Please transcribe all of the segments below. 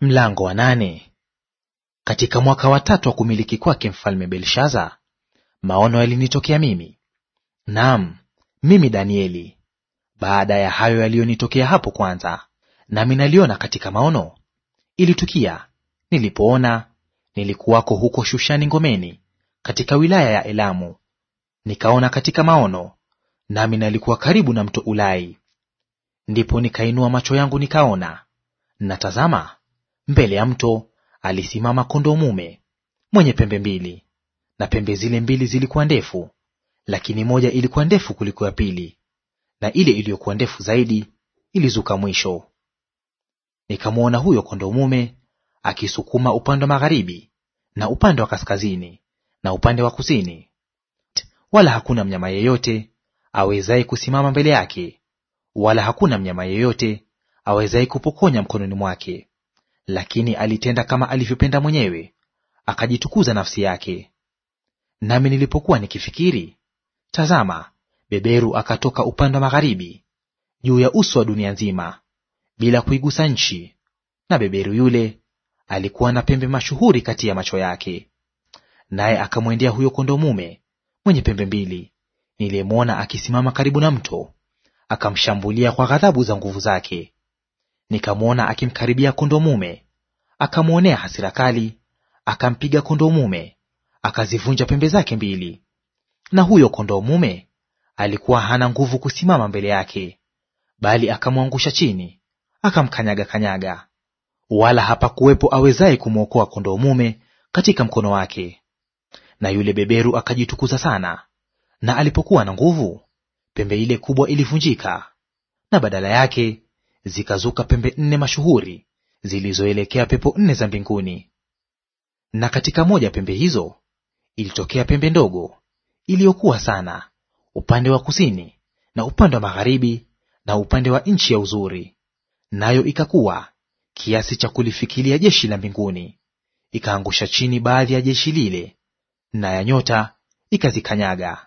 Mlango wa nane. Katika mwaka wa tatu wa kumiliki kwake mfalme Belshaza, maono yalinitokea mimi, naam mimi Danieli, baada ya hayo yaliyonitokea hapo kwanza. Nami naliona katika maono, ilitukia nilipoona, nilikuwako huko Shushani ngomeni, katika wilaya ya Elamu, nikaona katika maono, nami nalikuwa karibu na mto Ulai. Ndipo nikainua macho yangu nikaona, natazama mbele ya mto alisimama kondoo mume mwenye pembe mbili, na pembe zile mbili zilikuwa ndefu, lakini moja ilikuwa ndefu kuliko ya pili, na ile iliyokuwa ndefu zaidi ilizuka mwisho. Nikamwona huyo kondoo mume akisukuma upande wa magharibi na upande wa kaskazini na upande wa kusini, wala hakuna mnyama yeyote awezaye kusimama mbele yake, wala hakuna mnyama yeyote awezaye kupokonya mkononi mwake. Lakini alitenda kama alivyopenda mwenyewe, akajitukuza nafsi yake. Nami nilipokuwa nikifikiri, tazama, beberu akatoka upande wa magharibi juu ya uso wa dunia nzima, bila kuigusa nchi, na beberu yule alikuwa na pembe mashuhuri kati ya macho yake. Naye akamwendea huyo kondoo mume mwenye pembe mbili niliyemwona akisimama karibu na mto, akamshambulia kwa ghadhabu za nguvu zake, nikamwona akimkaribia kondo mume, akamwonea hasira kali, akampiga kondoo mume, akazivunja pembe zake mbili. Na huyo kondoo mume alikuwa hana nguvu kusimama mbele yake, bali akamwangusha chini, akamkanyaga kanyaga, wala hapakuwepo awezaye kumwokoa kondoo mume katika mkono wake. Na yule beberu akajitukuza sana, na alipokuwa na nguvu, pembe ile kubwa ilivunjika, na badala yake zikazuka pembe nne mashuhuri zilizoelekea pepo nne za mbinguni. Na katika moja pembe hizo ilitokea pembe ndogo iliyokuwa sana upande wa kusini na upande wa magharibi na upande wa nchi ya uzuri, nayo ikakuwa kiasi cha kulifikilia jeshi la mbinguni, ikaangusha chini baadhi ya jeshi lile na ya nyota ikazikanyaga.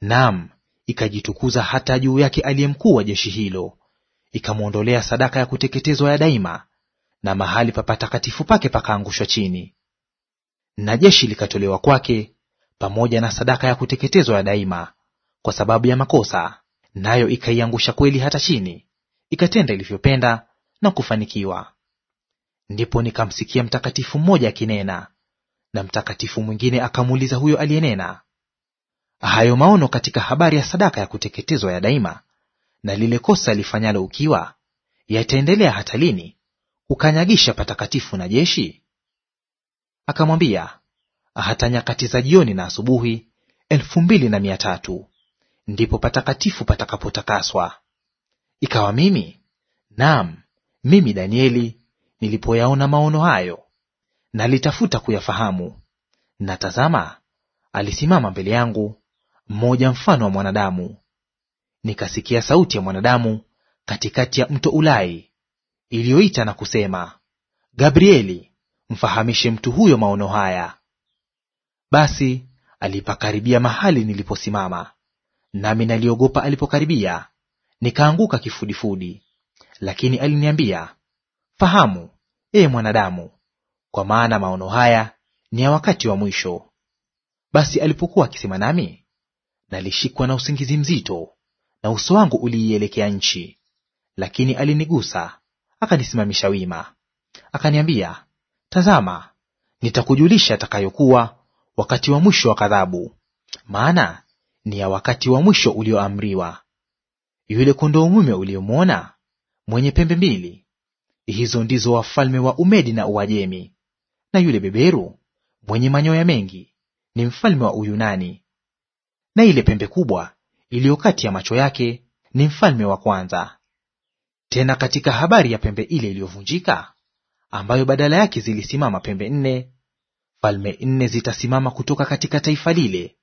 Naam, ikajitukuza hata juu yake aliye mkuu wa jeshi hilo ikamwondolea sadaka ya kuteketezwa ya daima, na mahali pa patakatifu pake pakaangushwa chini. Na jeshi likatolewa kwake pamoja na sadaka ya kuteketezwa ya daima kwa sababu ya makosa, nayo ikaiangusha kweli hata chini, ikatenda ilivyopenda na kufanikiwa. Ndipo nikamsikia mtakatifu mmoja akinena, na mtakatifu mwingine akamuuliza huyo aliyenena hayo maono katika habari ya sadaka ya kuteketezwa ya daima na lile kosa lifanyalo ukiwa yataendelea hata lini kukanyagisha patakatifu na jeshi? Akamwambia, hata nyakati za jioni na asubuhi elfu mbili na mia tatu ndipo patakatifu patakapotakaswa. Ikawa mimi, naam mimi Danieli, nilipoyaona maono hayo, nalitafuta kuyafahamu, na tazama, alisimama mbele yangu mmoja mfano wa mwanadamu nikasikia sauti ya mwanadamu katikati ya mto Ulai iliyoita na kusema, Gabrieli, mfahamishe mtu huyo maono haya. Basi alipakaribia mahali niliposimama, nami naliogopa alipokaribia, nikaanguka kifudifudi. Lakini aliniambia, fahamu, ee mwanadamu, kwa maana maono haya ni ya wakati wa mwisho. Basi alipokuwa akisema nami, nalishikwa na usingizi mzito, na uso wangu uliielekea nchi, lakini alinigusa akanisimamisha wima. Akaniambia, tazama, nitakujulisha atakayokuwa wakati wa mwisho wa kadhabu maana ni ya wakati wa mwisho ulioamriwa. Yule kondoo mume uliyomwona mwenye pembe mbili, hizo ndizo wafalme wa Umedi na Uajemi. Na yule beberu mwenye manyoya mengi ni mfalme wa Uyunani. Na ile pembe kubwa iliyo kati ya macho yake ni mfalme wa kwanza. Tena katika habari ya pembe ile iliyovunjika, ambayo badala yake zilisimama pembe nne, falme nne zitasimama kutoka katika taifa lile,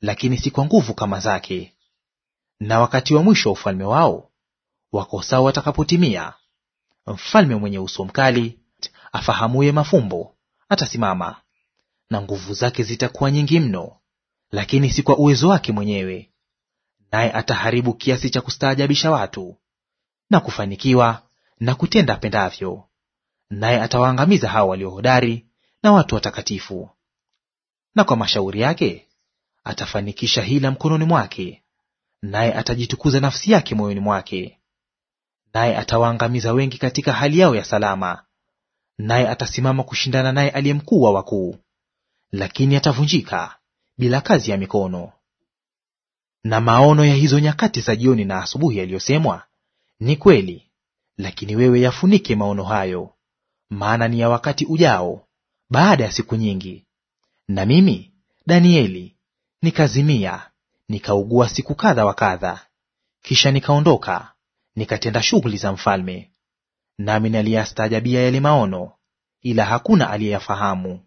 lakini si kwa nguvu kama zake. Na wakati wa mwisho wa ufalme wao wakosao watakapotimia, mfalme mwenye uso mkali afahamuye mafumbo atasimama, na nguvu zake zitakuwa nyingi mno, lakini si kwa uwezo wake mwenyewe, naye ataharibu kiasi cha kustaajabisha watu, na kufanikiwa na kutenda apendavyo, naye atawaangamiza hao waliohodari na watu watakatifu. Na kwa mashauri yake atafanikisha hila mkononi mwake, naye atajitukuza nafsi yake moyoni mwake. Naye atawaangamiza wengi katika hali yao ya salama, naye atasimama kushindana naye aliye mkuu wa wakuu, lakini atavunjika bila kazi ya mikono. Na maono ya hizo nyakati za jioni na asubuhi yaliyosemwa ni kweli, lakini wewe yafunike maono hayo, maana ni ya wakati ujao, baada ya siku nyingi. Na mimi Danieli nikazimia, nikaugua siku kadha wa kadha, kisha nikaondoka nikatenda shughuli za mfalme. Nami naliyastaajabia yale maono, ila hakuna aliyeyafahamu.